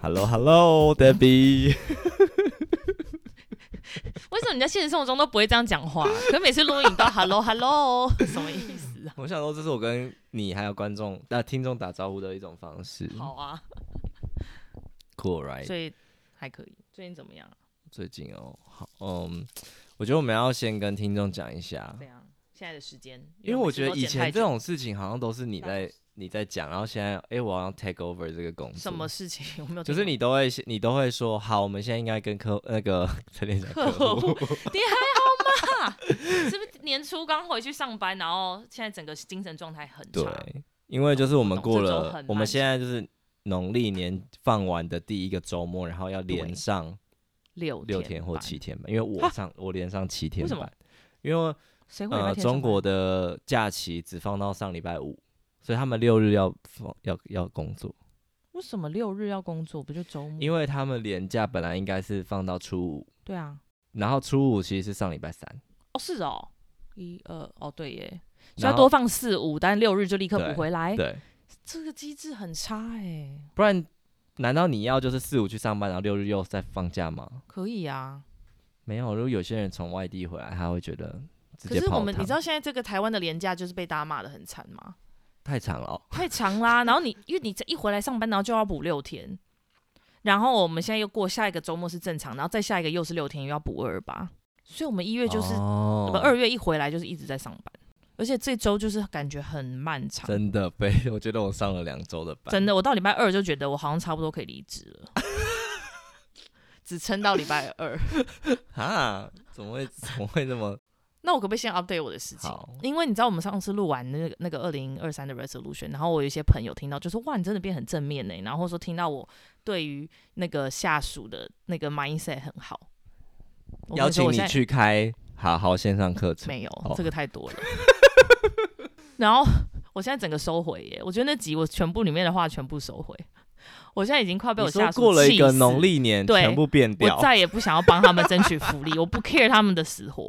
Hello, hello, Debbie。為什麼你在現實生活中都不會這樣講話？ 可每次錄影都 “Hello, hello”， 什麼意思啊？我想說，這是我跟你還有觀眾、那、啊、聽眾打招呼的一種方式。好啊，Cool, right？所以還可以。最近怎麼樣？最近哦，好，嗯，我覺得我們要先跟聽眾講一下，這樣、啊、現在的時間，因為我覺得以前這種事情好像都是你在你在講，然後現在，哎、欸，我要 take over 這個公司，什麼事情有沒有？就是你都會，你都會說，好，我們現在應該跟客那個， 客戶，客戶，你還好嗎？ 是不是年初剛回去上班，然後現在整個精神狀態很差？對，因為就是我們過了，我們現在就是農曆年放完的第一個周末，然後要連上。六六天或七天吧，因為我上我連上七天班，為什麼？因為、呃、中國的假期只放到上禮拜五，所以他們六日要放要要工作。為什麼六日要工作？不就周末？因為他們連假本來應該是放到初五，對啊。然後初五其實是上禮拜三哦，是哦，一二、呃、哦，對耶，所以要多放四五，但六日就立刻補回來。對，對這個機制很差哎、欸，不然。難道你要就是四五去上班，然後六日又再放假嗎？可以啊，沒有。如果有些人從外地回來，他會覺得可是我們，你知道現在這個台灣的連假就是被大家罵得很慘嗎？太長了，哦，太長啦！ 然後你因為你一回來上班，然後就要補六天，然後我們現在又過下一個周末是正常，然後再下一個又是六天又要補二八，所以我們一月就是、哦、我們二月一回來就是一直在上班。而且這周就是感覺很漫長，真的被我覺得我上了兩周的班，真的，我到禮拜二就覺得我好像差不多可以離職了， 只撐到禮拜二 啊？怎麼會怎麼會這麼？那我可不可以先 update 我的事情？因為你知道我們上次錄完那個那個二零二三的 resolution，然後我有一些朋友聽到就說哇，你真的變很正面呢、欸。然後說聽到我對於那個下屬的那個 mindset 很好，邀請你去開好好線上課程，沒有好好這個太多了。 然後我現在整個收回耶，我覺得那集我全部裡面的話全部收回，我現在已經快被我下屬氣死了。過了一個農曆年， 對，全部變掉，我再也不想要幫他們爭取福利， 我不 care 他們的死活。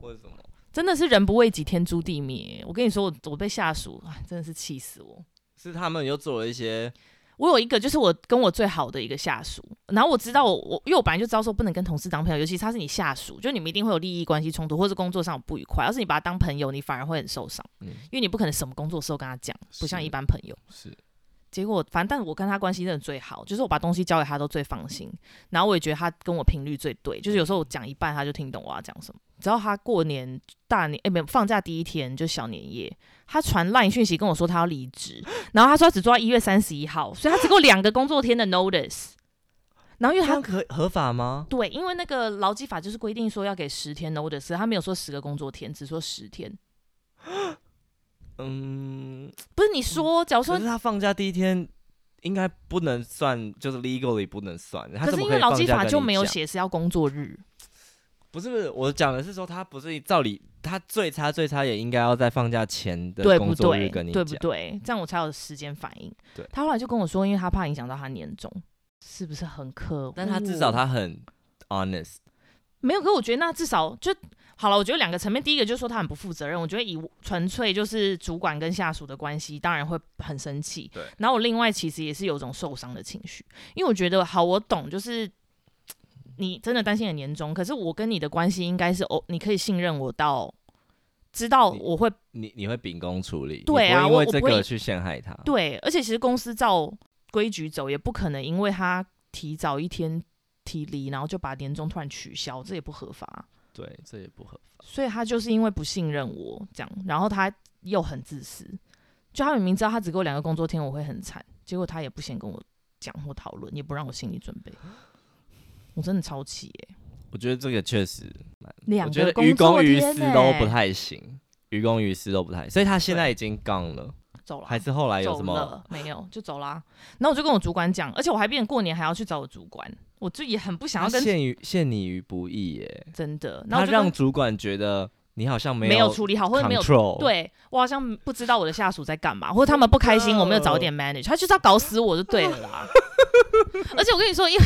或者什麼，真的是人不為己，天誅地滅。我跟你說我，我我被下屬啊，真的是氣死我。是他們又做了一些。我有一個，就是我跟我最好的一個下屬，然後我知道我,我因為我本來就知道說不能跟同事當朋友，尤其他是你下屬，就你們一定會有利益關係衝突，或者工作上不愉快。要是你把他當朋友，你反而會很受傷、嗯，因為你不可能什麼工作時候跟他講，不像一般朋友。是，結果反正，但我跟他關係真的最好，就是我把東西交給他都最放心，嗯、然後我也覺得他跟我頻率最對，就是有時候我講一半，他就聽懂我要講什麼。你知道他過年大年哎，欸、沒有放假第一天就小年夜，他傳 Line 訊息跟我說他要離職，然後他說他只做到一月三十一號，所以他只夠兩個工作天的 notice。然後，因為他可合法嗎？對，因為那個勞基法就是規定說要給十天 notice，他沒有說十個工作天，只說十天。嗯，不是你說，假如說可是他放假第一天應該不能算，就是 legally 不能算。可是因為勞基法就沒有寫是要工作日。不是，不是，我講的是說他不是照理，他最差最差也應該要在放假前的工作日跟你講，對不對，對不對？這樣我才有時間反應。對，他後來就跟我說，因為他怕影響到他年終，是不是很可惡？但他至少他很 honest，、哦、沒有。可我覺得那至少就好了。我覺得兩個層面，第一個就是說他很不負責任。我覺得以純粹就是主管跟下屬的關係，當然會很生氣。對。然後我另外其實也是有一種受傷的情緒，因為我覺得好，我懂，就是。你真的擔心很年終，可是我跟你的關係應該是哦，你可以信任我到知道我會你你，你會秉公處理。對啊，不會因為這個去陷害他。對，而且其實公司照規矩走也不可能，因為他提早一天提離，然後就把年終突然取消，這也不合法。對，這也不合法。所以他就是因為不信任我這樣，然後他又很自私，就他明明知道他只給我兩個工作天，我會很慘，結果他也不先跟我講或討論，也不讓我心理準備。我真的超氣耶、欸！我覺得這個確實蠻，我覺得於公於私都不太行，於公於私都不太行。所以他現在已經崗了，走了，還是後來有什麼？走了 沒有，就走啦。然後我就跟我主管講，而且我還變成過年還要去找我主管，我就也很不想要陷於陷你於不義耶、欸！真的，然後，他讓主管覺得。你好像沒有，沒有處理好，或者沒有、Control。對，我好像不知道我的下屬在幹嘛，或者他們不開心，我沒有早點 manage，他就是要搞死我就對了啦。 而且我跟你說，因為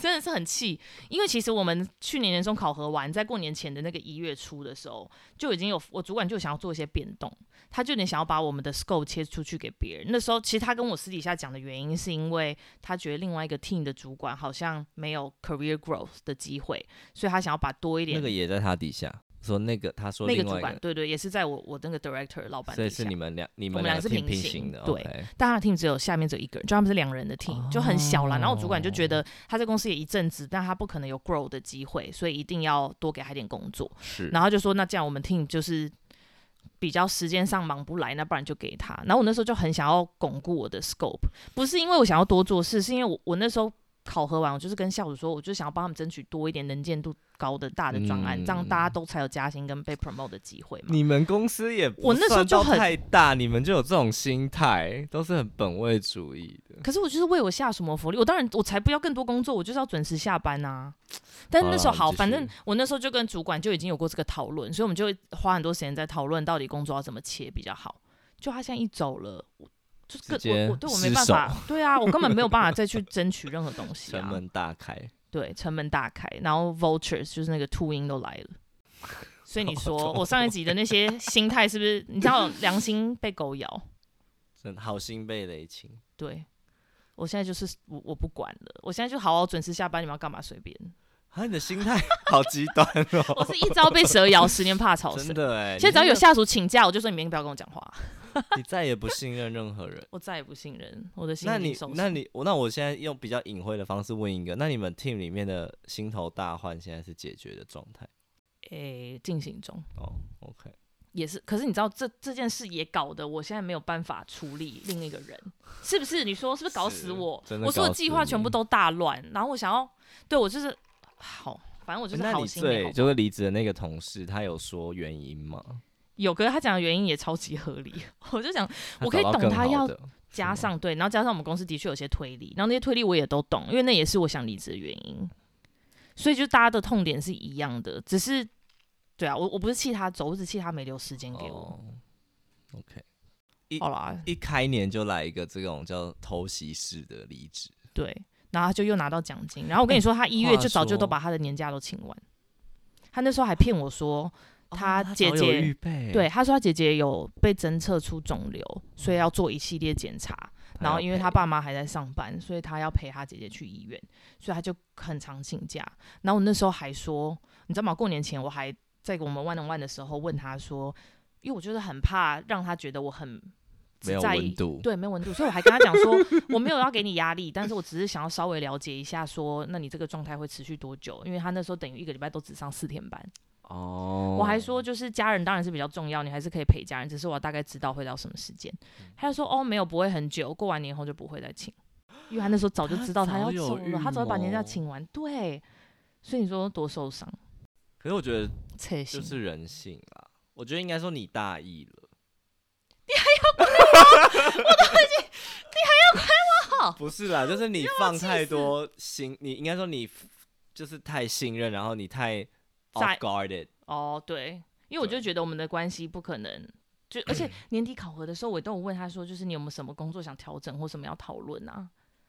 真的是很氣，因為其實我們去年年終考核完，在過年前的那個一月初的時候，就已經有我主管就想要做一些變動，他就想想要把我們的 scope 切出去給別人。那時候其實他跟我私底下講的原因，是因為他覺得另外一個 team 的主管好像沒有 career growth 的機會，所以他想要把多一點那個也在他底下。說那個，他說個那個主管，對對對，也是在我我那個 director 老板，所以是你們兩，你們倆是平行的，對。但他的 team 只有下面這一個人，專門是兩人的 team，、哦、就很小啦。然後主管就覺得他在公司也一陣子，但他不可能有 grow 的機會，所以一定要多給他點工作。是，然後就說那這樣我們 team 就是比較時間上忙不來，那不然就給他。然後我那時候就很想要鞏固我的 scope，不是因為我想要多做事，是因為我我那時候。考核完，我就是跟校主說，我就想要幫他們爭取多一點能見度高的大的專案，嗯，這樣大家都才有加薪跟被 promote 的機會嘛。你們公司也不太，我那時候就很大，你們就有這種心態，都是很本位主義的。可是我就是為我下什麼福利，我當然我才不要更多工作，我就是要準時下班吶、啊。但是那時候好，好，反正我那時候就跟主管就已經有過這個討論，所以我們就花很多時間在討論到底工作要怎麼切比較好。就他現在一走了。就跟我我對我沒辦法， 對啊，我根本沒有辦法再去爭取任何東西啊。 城門大開，對，城門大開，然後 vultures 就是那個禿鷹都來了。所以你說我，我上一集的那些心態是不是？你知道良心被狗咬，真的好心被雷劈。對，我現在就是我我不管了。我現在就好好準時下班，你們要幹嘛隨便。啊，你的心態好極端哦！ 我是一朝被蛇咬，十年怕草繩 的。現在只要有下屬請假，我就說你明天不要跟我講話。 你再也不信任任何人， 我再也不信任我的心。那你那你我那我現在用比較隱晦的方式問一個，那你們 team 裡面的心頭大患現在是解決的狀態？誒、欸，進行中。哦，OK，也是。可是你知道這這件事也搞得，我現在沒有辦法處理。另一個人 是不是？你說是不是搞死我？真的搞死你。我說的計劃全部都大亂。然後我想要，對我就是好，反正我就是好心好不好。欸、那你對，就是離職的那個同事，他有說原因嗎？有，可是他講的原因也超級合理，我就想， 我可以懂他要加上對，然後加上我們公司的確有些推理，然後那些推理我也都懂，因為那也是我想離職的原因，所以就大家的痛點是一樣的，只是，對啊，我我不是氣他走，我是氣他沒留時間給我。Oh, OK，好、oh, 一,一開年就來一個這種叫偷襲式的離職，對，然後他就又拿到獎金，然後我跟你說，他一月就早就都把他的年假都請完，欸、他那時候還騙我說。他姐姐對他說：“他她說她姐姐有被偵測出腫瘤、嗯，所以要做一系列檢查。然後因為他爸媽還在上班，所以他要陪他姐姐去醫院，所以他就很常請假。然後我那時候還說，你知道嗎？過年前我還在跟我們 one on one 的時候問他說，因為我就是很怕讓他覺得我很在意，沒有溫度。對，沒有溫度。所以我還跟他講說， 我沒有要給你壓力，但是我只是想要稍微了解一下說，說那你這個狀態會持續多久？因為他那時候等於一個禮拜都只上四天班。”哦、oh，我還說就是家人當然是比較重要，你還是可以陪家人。只是我大概知道會到什麼時間。他就說哦，沒有，不會很久，過完年後就不會再請。玉涵那時候早就知道他要走了他，他早就把年假請完。對，所以你說多受傷。可是我覺得這是人性啊。我覺得應該說你大意了。你還要怪我？ 我都已經，你還要怪我？ 不是啦，就是你放太多心，你應該說你就是太信任，然後你太。哦，對，因為我就覺得我們的關係不可能，就而且年底考核的時候，我都有問他說，就是你有沒有什麼工作想調整或什麼要討論啊？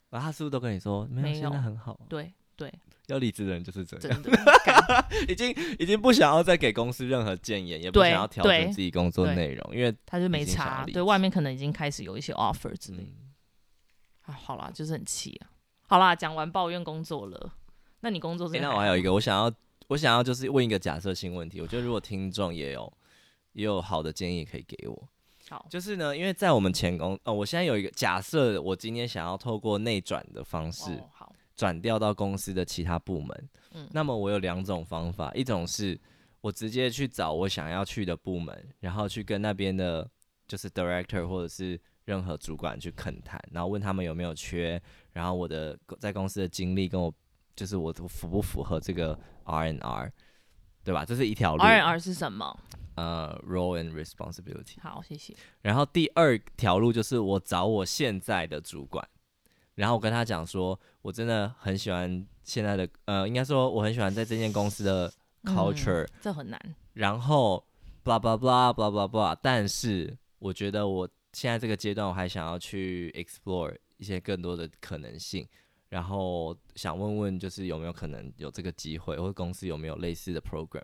然、啊、後他是不是都跟你說沒有？沒有現在很好，對對，要離職的人就是這樣，真的 已經已經不想要再給公司任何建言，也不想要調整自己工作內容，因為他就沒差，對外面可能已經開始有一些 offer 之類。好、嗯、了，就是很氣啊！好啦，講、就是啊、完抱怨工作了，那你工作現在、欸、我還有一個，我想要。我想要就是問一個假設性問題，我覺得如果聽眾也有、啊、也有好的建議可以給我。好，就是呢，因為在我們前公，哦，我現在有一個假設，我今天想要透過內轉的方式，轉調到公司的其他部門。嗯、哦，那麼我有兩種方法、嗯，一種是我直接去找我想要去的部門，然後去跟那邊的，就是 director 或者是任何主管去懇談，然後問他們有沒有缺，然後我的在公司的經歷跟我。就是我符不符合這個 R N R，對吧？這，就是一條路。R N R 是什麼？呃、uh，Role and Responsibility。好，謝謝。然後第二條路就是我找我現在的主管，然後我跟他講說，我真的很喜歡現在的，呃，應該說我很喜歡在這間公司的 culture。嗯。這很難。然後，blah blah blah blah blah blah, blah。但是我覺得我現在這個階段，我還想要去 explore 一些更多的可能性。然後想問問，就是有沒有可能有這個機會，或者公司有沒有類似的 program？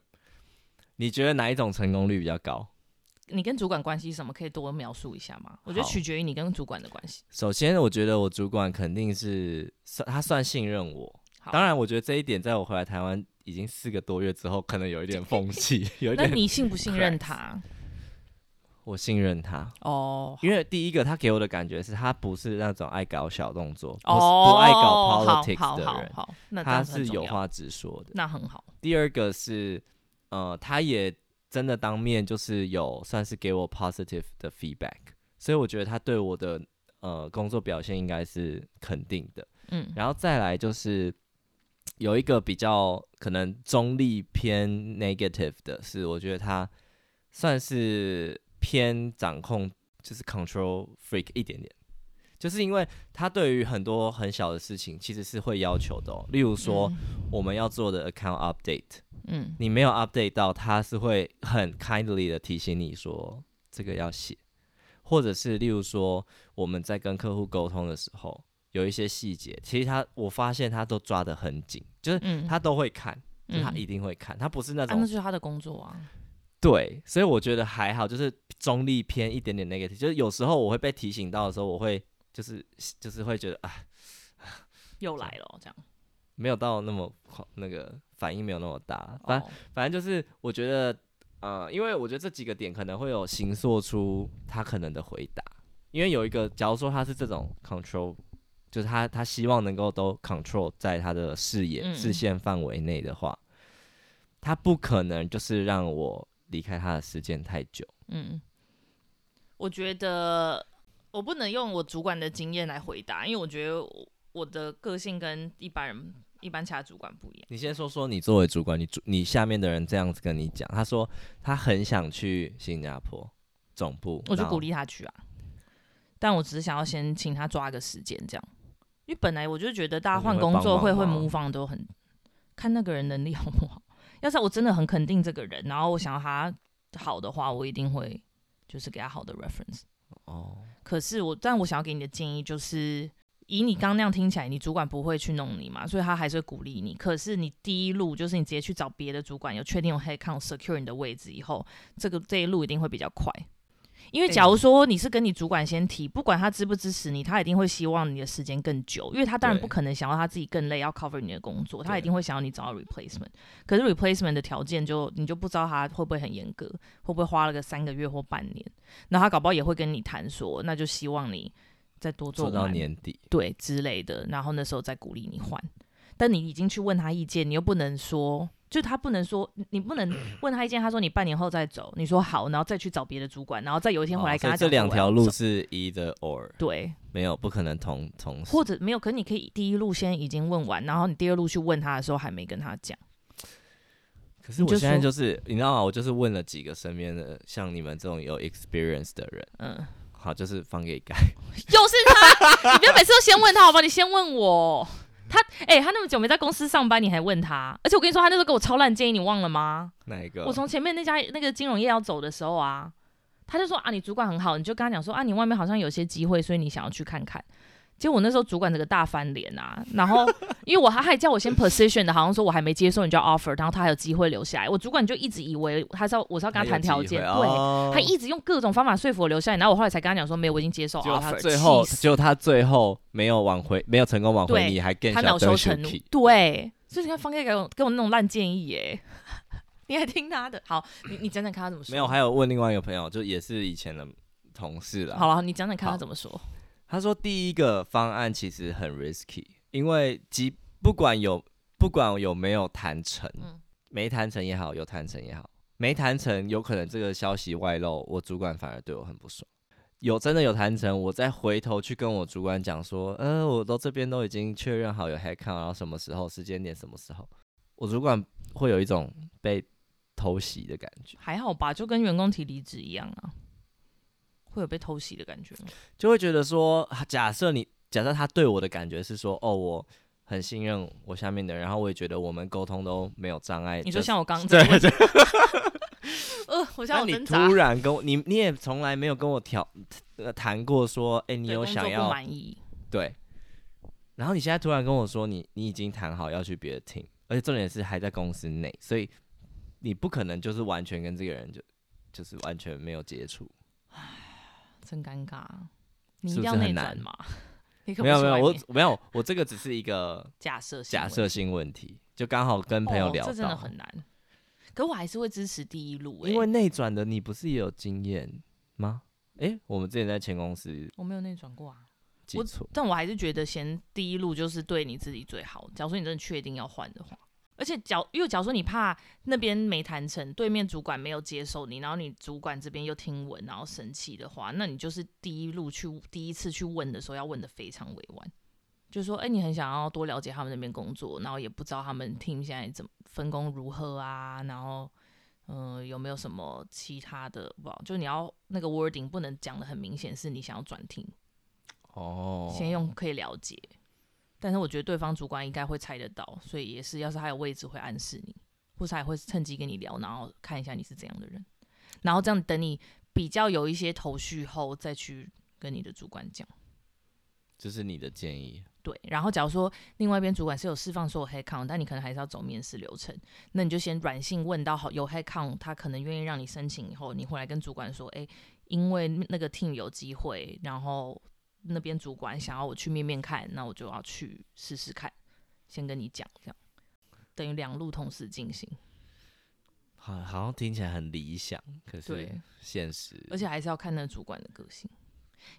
你覺得哪一種成功率比較高？你跟主管關係什麼？可以多描述一下嗎？我覺得取決於你跟主管的關係。首先，我覺得我主管肯定是算他算信任我。當然，我覺得這一點在我回來台灣已經四個多月之後，可能有一點縫隙。有一點，那你信不信任他？ 我信任他哦，oh, 因為第一個他給我的感覺是他不是那種愛搞小動作，不、oh, 不愛搞 politics oh, oh, oh, oh, 的人的，他是有話直說的，那很好。第二個是，呃，他也真的當面就是有算是給我 positive 的 feedback，所以我覺得他對我的呃工作表現應該是肯定的。嗯，然後再來就是有一個比較可能中立偏 negative 的是，我覺得他算是。偏掌控就是 control freak 一點點，就是因為他對於很多很小的事情其實是會要求的、哦。例如說，我們要做的 account update，嗯，嗯，你沒有 update 到，他是會很 kindly 的提醒你說這個要寫。或者是例如說，我們在跟客戶溝通的時候，有一些細節，其實他我發現他都抓得很緊，就是他都會看，嗯，就是、他一定會看，嗯、他不是那種、啊，那就是他的工作啊。對，所以我覺得還好，就是中立偏一點點 negative。就是有時候我會被提醒到的時候，我會就是就是會覺得啊，又來了這樣。沒有到那麼那個反應沒有那麼大，反正、哦、反正就是我覺得呃，因為我覺得這幾個點可能會有形塑出他可能的回答。因為有一個，假如說他是這種 control，就是他他希望能夠都 control 在他的視野、嗯、視線範圍內的話，他不可能就是讓我。離開他的時間太久。嗯，我覺得我不能用我主管的經驗來回答，因為我覺得我的個性跟一般人、一般其他主管不一樣。你先說說，你作為主管，你主，你下面的人這樣子跟你講，他說他很想去新加坡總部，我就鼓勵他去啊。但我只是想要先請他抓個時間，這樣，因為本來我就覺得大家換工作會會模仿都很，看那個人能力好不好。要是我真的很肯定這個人，然後我想要他好的話，我一定會就是給他好的 reference。哦、oh.，可是我，但我想要給你的建議就是，以你剛那樣聽起來，你主管不會去弄你嘛，所以他還是會鼓勵你。可是你第一路就是你直接去找別的主管，有確定用 head count secure 你的位置以後，這個這一路一定會比較快。因為假如說你是跟你主管先提，不管他支不支持你，他一定會希望你的時間更久，因為他當然不可能想要他自己更累，要 cover 你的工作，他一定會想要你找到 replacement。可是 replacement 的條件就你就不知道他會不會很嚴格，會不會花了個三個月或半年，然後他搞不好也會跟你談說，那就希望你再多做，做到年底，對之類的，然後那時候再鼓勵你換。嗯。但你已經去問他意見，你又不能說。就他不能說，你不能問他意見，他說你半年後再走，你說好，然後再去找別的主管，然後再有一天回來跟他講。哦、這兩條路是 either or，對，沒有不可能同同時，或者沒有，可是你可以第一路先已經問完，然後你第二路去問他的時候還沒跟他講。可是我現在就是你，就你知道嗎？我就是問了幾個身邊的像你們這種有 experience 的人，嗯，好，就是放給改， 又是他，你不要每次都先問他好吧？你先問我。他誒、欸，他那麼久沒在公司上班，你還問他？而且我跟你說，他那時候給我超爛建議，你忘了嗎？哪一個？我從前面那家那個金融業要走的時候啊，他就說啊，你主管很好，你就跟他講說啊，你外面好像有些機會，所以你想要去看看。結果我那時候主管整個大翻臉啊，然後因為我他還叫我先 position 的，好像說我還沒接受人家 offer，然後他還有機會留下來。我主管就一直以為他是要我是要跟他談條件。哦，對，他一直用各種方法說服我留下來。然後我後來才跟他講說，沒有，我已經接受 offer，最後，就他最後沒有挽回，沒有成功挽回，你還更他惱羞成怒，對，所以他看，放開給我給我那種爛建議耶，欸， 你還聽他的。好，你你講講看他怎麼說？沒有？還有問另外一個朋友，就也是以前的同事了。好了，你講講看他怎麼說？他說：“第一個方案其實很 risky，因為即不管有不管有沒有談成，嗯，沒談成也好，有談成也好，沒談成有可能這個消息外漏，我主管反而對我很不爽。有真的有談成，我再回頭去跟我主管講說，呃，我都這邊都已經確認好有 headcount，然後什麼時候時間點什麼時候，我主管會有一種被偷襲的感覺。還好吧，就跟員工提離職一樣啊。”會有被偷襲的感覺，就會覺得說，假設你假設他對我的感覺是說，哦，我很信任我下面的人，然後我也覺得我們溝通都沒有障礙。你就像我剛對， 呃，我現你突然跟我你你也從來沒有跟我調、呃、談過說，哎、欸，你有想要滿意對？然後你現在突然跟我說你，你你已經談好要去別的 team，而且重點是還在公司內，所以你不可能就是完全跟這個人就就是完全沒有接觸。真尷尬，你一定要內轉嗎？沒有沒有，我，我沒有，我這個只是一個假設性假設性問題，就剛好跟朋友聊到、哦。這真的很難，可我還是會支持第一路、欸、因為內轉的你不是也有經驗嗎、欸？我們之前在前公司，我沒有內轉過啊，但我還是覺得先第一路就是對你自己最好。假如說你真的確定要換的話。而且假，假假如說你怕那邊沒談成，對面主管沒有接受你，然後你主管這邊又聽聞，然後生氣的話，那你就是第一路去第一次去問的時候，要問的非常委婉，就說：哎、欸，你很想要多了解他們那邊工作，然後也不知道他們 team 現在怎麼分工如何啊，然後嗯、呃，有沒有什麼其他的？不，就你要那個 wording 不能講的很明顯是你想要轉 team 哦，oh. 先用可以了解。但是我覺得對方主管應該會猜得到，所以也是，要是他有位置會暗示你，或者也會趁機跟你聊，然後看一下你是怎樣的人，然後這樣等你比較有一些頭緒後再去跟你的主管講。這、就是你的建議。對，然後假如說另外一邊主管是有釋放所有 h a c n 但你可能還是要走面試流程，那你就先軟性問到好有 h a c n 他可能願意讓你申請，以後你回來跟主管說，誒、欸，因為那個 team 有機會，然後。那邊主管想要我去面面看，那我就要去試試看。先跟你講，這樣等於兩路同時進行，好，好像聽起來很理想，可是現實，而且還是要看那主管的個性，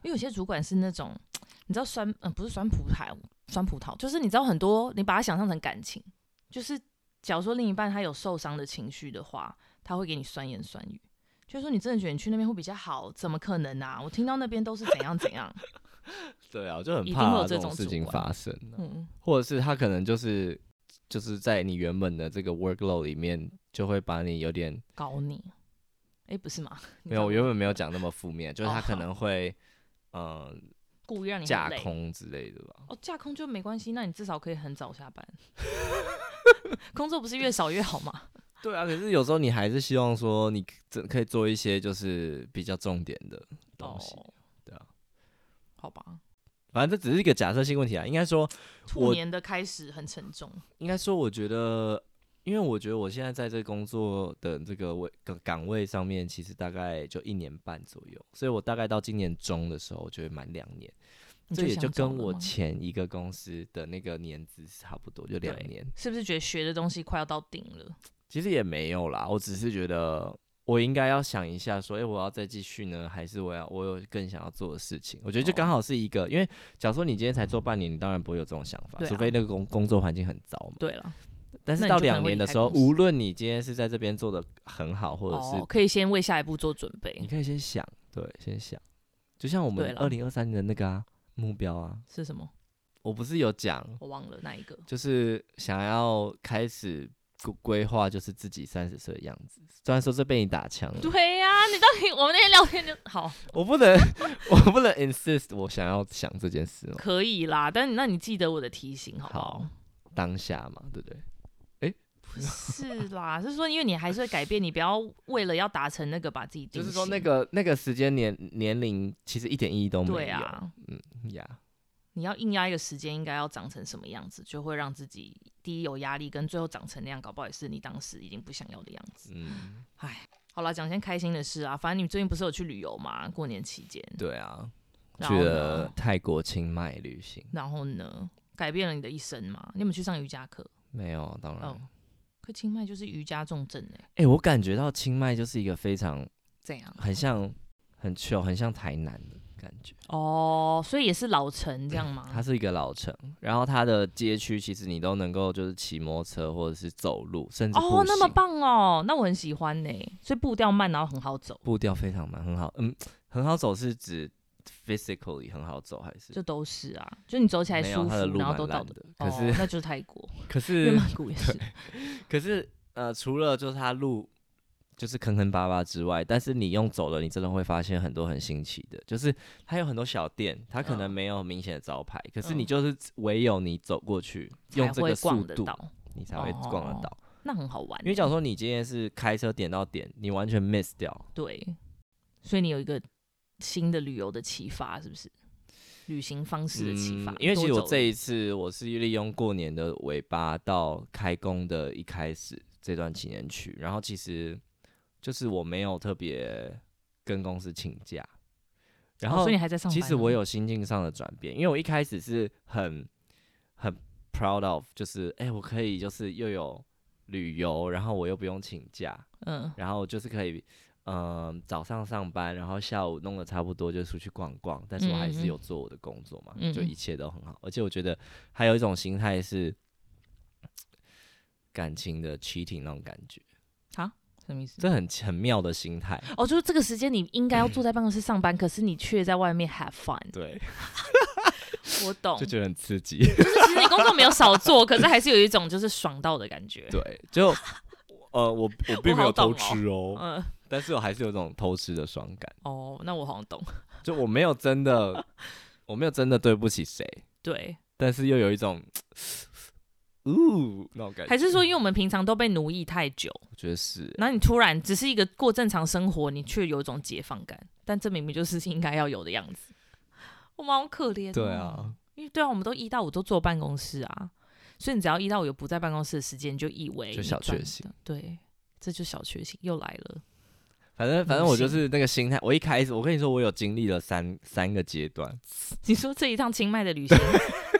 因為有些主管是那種你知道酸，嗯、呃、不是酸葡萄，酸葡萄就是你知道很多，你把它想象成感情，就是假如說另一半他有受傷的情緒的話，他會給你酸言酸語，就說、是、你真的覺得你去那邊會比較好，怎麼可能啊？我聽到那邊都是怎樣怎樣。 對啊，我就很怕、啊、這，種這種事情發生。嗯，或者是他可能就是就是在你原本的這個 workload 裡面，就會把你有點搞你。哎、欸，不是嗎，嗎？沒有，我原本沒有講那麼負面，啊、就是他可能會嗯、啊呃、故意讓你架空之類的吧。哦，架空就沒關係，那你至少可以很早下班。 工作不是越少越好嗎？ 對啊，可是有時候你還是希望說你這可以做一些就是比較重點的東西。Oh. 好吧，反正這只是一個假設性問題啊。應該說，兔年的開始很沉重。應該說，我覺得，因為我覺得我現在在這工作的這個位崗位上面，其實大概就一年半左右，所以我大概到今年中的時候就會滿兩年。這也就跟我前一個公司的那個年資差不多，就兩年。是不是覺得學的東西快要到頂了？其實也沒有啦，我只是覺得。我應該要想一下，說，以、欸、我要再繼續呢，還是我要我有更想要做的事情？我覺得就剛好是一個，因為假如說你今天才做半年，嗯、你當然不會有這種想法，啊、除非那個工工作環境很糟嘛。對了，但是到兩年的時候，無論你今天是在這邊做得很好，或者是、哦、可以先為下一步做準備。你可以先想，對，先想，就像我們二零二三年的那個、啊、目標啊，是什麼？我不是有講，我忘了那一個，就是想要開始。規劃就是自己三十歲的樣子，雖然說這被你打槍了。對呀、啊，你到底，我們那天聊天就好，我不能， 我不能 insist 我想要想這件事。可以啦，但那你記得我的提醒好不好？好，當下嘛，對不對，對、欸。不是啦， 是說因為你還是會改變，你不要為了要達成那個把自己，就是說那個那個時間，年年齡其實一點意義都沒有。對呀、啊，嗯，呀、yeah。你要硬壓一個時間，應該要長成什麼樣子，就會讓自己第一有壓力，跟最後長成那樣，搞不好也是你當時已經不想要的樣子。嗯，哎，好了，講些開心的事啊。反正你最近不是有去旅遊嗎？過年期間。對啊。去泰國清邁旅行。然後呢？改變了你的一生嘛。你有沒有去上瑜伽課？沒有，當然。呃、可清邁就是瑜伽重鎮呢、欸。哎、欸，我感覺到清邁就是一個非常這樣？很像，很哦，很像台南的。感覺哦，所以也是老城這樣嗎、嗯？它是一個老城，然後它的街區其實你都能夠就是騎摩托車或者是走路，甚至哦，那麼棒哦，那我很喜歡呢。所以步調慢然後很好走，步調非常慢，很好，嗯，很好走是指 physically 很好走還是就都是啊？就你走起來舒服，的路的然後都到的。可是、哦、那就是泰國，可是曼谷也是，可是呃除了就是它路。就是坑坑巴巴之外，但是你用走了，你真的會發現很多很新奇的。就是它有很多小店，它可能沒有明顯的招牌，oh. 可是你就是唯有你走過去，用這個速度，才逛你才會逛得到。那很好玩。因為講說你今天是開車點到點，你完全 miss 掉。對。所以你有一個新的旅遊的啟發，是不是？旅行方式的啟發、嗯。因為其實我這一次我是利用過年的尾巴到開工的一開始這段期間去，然後其實。就是我沒有特別跟公司請假，然後所以你還在上班。其實我有心境上的轉變、哦啊，因為我一開始是很很 proud of，就是哎、欸，我可以就是又有旅遊，然後我又不用請假，嗯，然後就是可以，嗯、呃，早上上班，然後下午弄得差不多就出去逛逛，但是我還是有做我的工作嘛，嗯嗯，就一切都很好。而且我覺得還有一種心態是感情的 cheating 那種感覺。這很奇妙的心態哦，就是這個時間你應該要坐在辦公室上班，嗯、可是你卻在外面 have fun。對，我懂，就覺得很刺激。我就是其實你工作沒有少做， 可是還是有一種就是爽到的感覺。對，就 呃，我我，我並沒有偷吃、喔、哦，但是我還是有一種偷吃的爽感。 哦，那我好像懂，就我沒有真的， 我沒有真的對不起誰。對，但是又有一種。哦，那種感覺，還是說因為我們平常都被奴役太久，我覺得是、欸。那你突然只是一個過正常生活，你卻有一種解放感，但這明明就是應該要有的樣子。我們好可憐、喔，對啊，因為對啊，我們都一到五都坐辦公室啊，所以你只要一到五有不在辦公室的時間，就以為就小確幸，對，這就小確幸又來了。反正反正我就是那個心態，我一開始我跟你說我有經歷了三三個階段。你說這一趟清邁的旅行，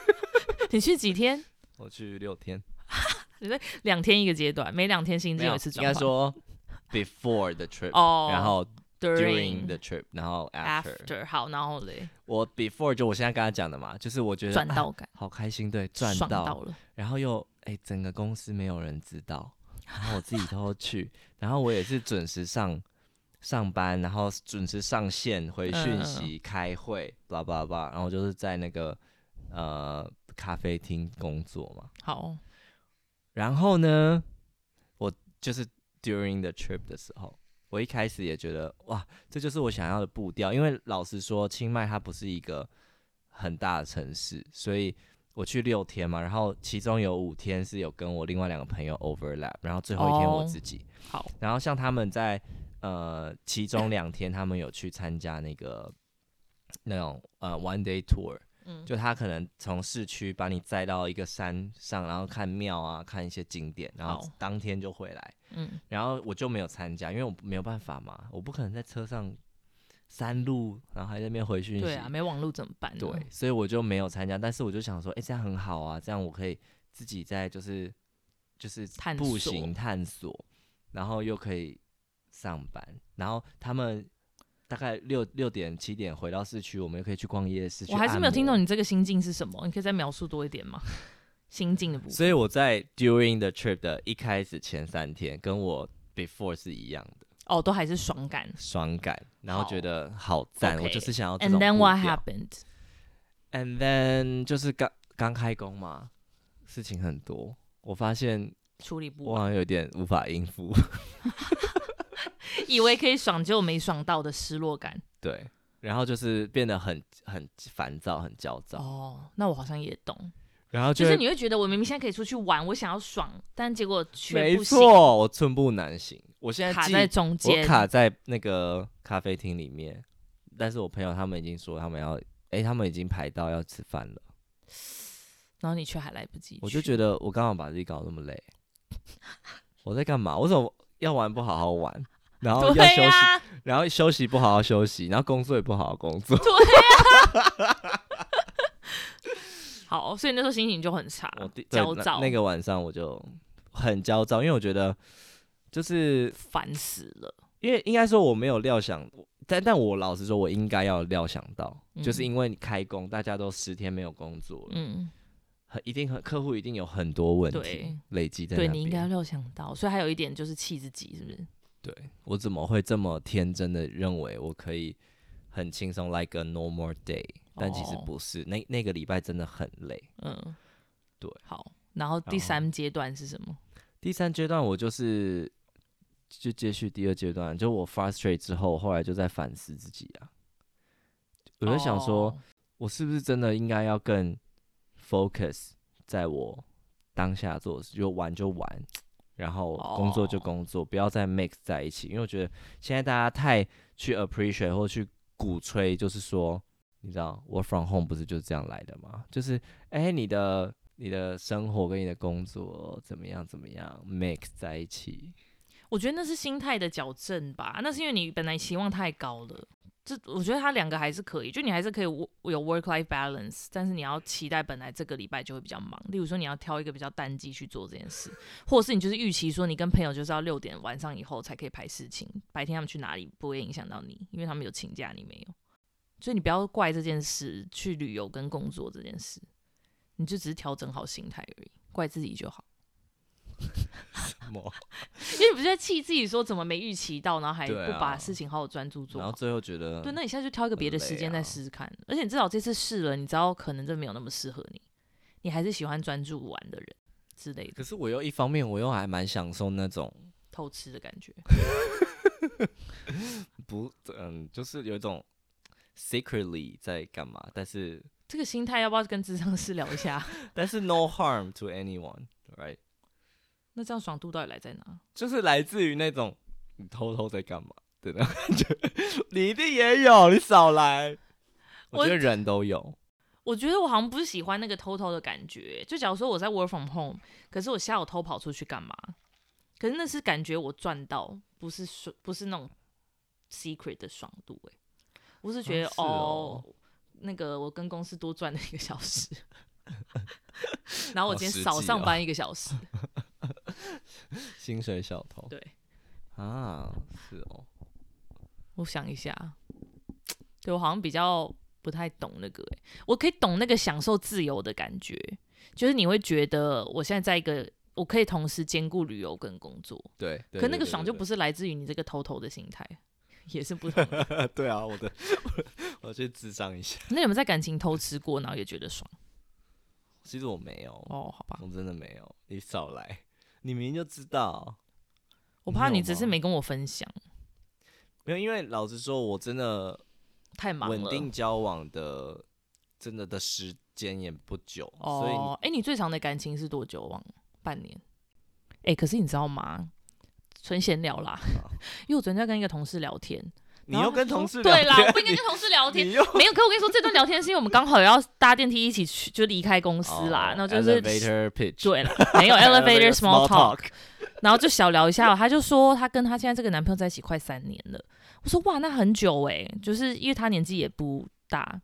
你去幾天？我去六天，你說兩天一個階段，每兩天心境有一次轉應該說，before the trip，、oh，然後 during, during the trip，然後 after。After，好，然後嘞，我 before 就我現在剛才講的嘛，就是我覺得、啊、好開心，對，賺到，到了，然後又哎，整個公司沒有人知道，然後我自己偷偷去， 然後我也是準時上上班，然後準時上線回訊息、嗯、開會，叭叭叭，blah blah blah，然後就是在那個呃。咖啡廳工作嘛，好。然後呢，我就是 during the trip 的時候，我一開始也覺得哇，這就是我想要的步調。因為老實說，清邁它不是一個很大的城市，所以我去六天嘛，然後其中有五天是有跟我另外兩個朋友 overlap，然後最後一天我自己。好，oh，然後像他們在呃，其中兩天他們有去參加那個 那種呃、uh, one day tour。嗯，就他可能從市區把你載到一個山上，然後看廟啊，看一些景點，然後當天就回來。嗯，然後我就沒有參加，因為我沒有辦法嘛，我不可能在車上山路，然後還在那邊回訊息。對啊，沒網路怎麼辦？對，所以我就沒有參加。但是我就想說，哎、欸，這樣很好啊，這樣我可以自己在就是就是步行探索，探索，然後又可以上班，然後他們。大概六六點七點回到市區，我們也可以去逛夜市。我還是沒有聽懂你這個心境是什麼，你可以再描述多一點嗎？ 心境的部分。所以我在 during the trip 的一開始前三天，跟我 before 是一樣的。哦，都還是爽感，爽感，然後覺得好讚。好 okay. 我就是想要這種 And then what happened? And then 就是剛剛開工嘛，事情很多，我發現處理不完，我好像有點無法應付。 以為可以爽，結果沒爽到的失落感，對，然後就是變得很很煩躁，很焦躁。哦、oh，那我好像也懂。然後就，就是你會覺得我明明現在可以出去玩，我想要爽，但結果卻不行。沒錯，我寸步難行。我現在卡在中間，我卡在那個咖啡廳裡面。但是我朋友他們已經說他們要，哎、欸，他們已經排到要吃飯了。然後你卻還來不及。我就覺得我剛剛把自己搞那麼累， 我在幹嘛？我怎麼要玩不好好玩？然後要休息，啊，然後休息不好好休息，然後工作也不好好工作。對呀，啊。 好，所以那時候心情就很差，焦躁。那，那個晚上我就很焦躁，因為我覺得就是煩死了。因為應該說我沒有料想，但但我老實說，我應該要料想到，嗯、就是因為你開工，大家都十天沒有工作了，嗯，一定客戶一定有很多問題累積在。對，對你應該要料想到，所以還有一點就是氣自己，是不是？對，我怎麼會這麼天真的認為我可以很輕鬆 like a normal day？、哦、但其實不是，那那個禮拜真的很累。嗯，對。好，然後第三階段是什麼？第三階段我就是就接續第二階段，就我 frustrate 之後，後來就在反思自己啊，我就想說、哦、我是不是真的應該要更 focus 在我當下做的事，就玩就玩。然後工作就工作，oh. 不要再 mix 在一起。因為我覺得現在大家太去 appreciate 或去鼓吹，就是說，你知道，work from home 不是就這樣來的嗎？就是，哎，你的你的生活跟你的工作怎麼樣怎麼樣 mix 在一起？我覺得那是心態的矯正吧，那是因為你本來期望太高了。這我覺得他兩個還是可以，就你還是可以有 work life balance，但是你要期待本來這個禮拜就會比較忙。例如說你要挑一個比較淡季去做這件事，或者是你就是預期說你跟朋友就是要六點晚上以後才可以排事情，白天他們去哪裡不會影響到你，因為他們有請假你沒有，所以你不要怪這件事，去旅遊跟工作這件事，你就只是調整好心態而已，怪自己就好。 什麼 因為你不是在氣自己，說怎麼沒預期到，然後還不把事情好好專注做，啊，然後最後覺得、啊、對，那你現在就挑一個別的時間再試試看，而且你至少這次試了，你知道可能就沒有那麼適合你，你還是喜歡專注玩的人之類的。可是我又一方面，我又還蠻享受那種偷吃的感覺， 不，嗯，就是有一種 secretly 在幹嘛，但是這個心態要不要跟諮商師聊一下？ 但是 no harm to anyone，right？那這樣爽度到底來在哪？就是來自於那種你偷偷在幹嘛的感覺， 你一定也有，你少來，我。我覺得人都有。我覺得我好像不是喜歡那個偷偷的感覺、欸。就假如說我在 work from home，可是我下午偷跑出去幹嘛？可是那是感覺我賺到，不是不是那種 secret 的爽度誒、欸。我是覺得哦，哦，那個我跟公司多賺了一個小時， 然後我今天少上班一個小時。哦薪 水小偷對啊是哦，我想一下，對我好像比較不太懂那個，我可以懂那個享受自由的感覺，就是你會覺得我現在在一個，我可以同時兼顧旅遊跟工作，對,對,對,對,對,對，可那個爽就不是來自於你這個偷偷的心態，也是不， 對啊，我的，我,我去諮商一下， 那你有沒有在感情偷吃過，然後也覺得爽？其實我沒有哦，好吧，我真的沒有，你少來。你明明就知道，我怕你只是沒跟我分享。沒有、沒有，因為老實說，我真的太忙了。穩定交往的真的的時間也不久，所以，哎、哦、欸，你最長的感情是多久？往半年？哎、欸，可是你知道嗎？純閒聊啦， 因為我昨天在跟一個同事聊天。你又跟同事聊天？對啦，我不應該跟同事聊天。沒有，可我跟你說， 這段聊天是因為我們剛好要搭電梯一起去，就離開公司啦。然、oh, 後就是 elevator pitch，對了， 沒有 elevator small talk。 然後就小聊一下、喔， 他就說他跟他現在這個男朋友在一起快三年了。 我說哇，那很久誒、欸，就是因為他年紀也不大。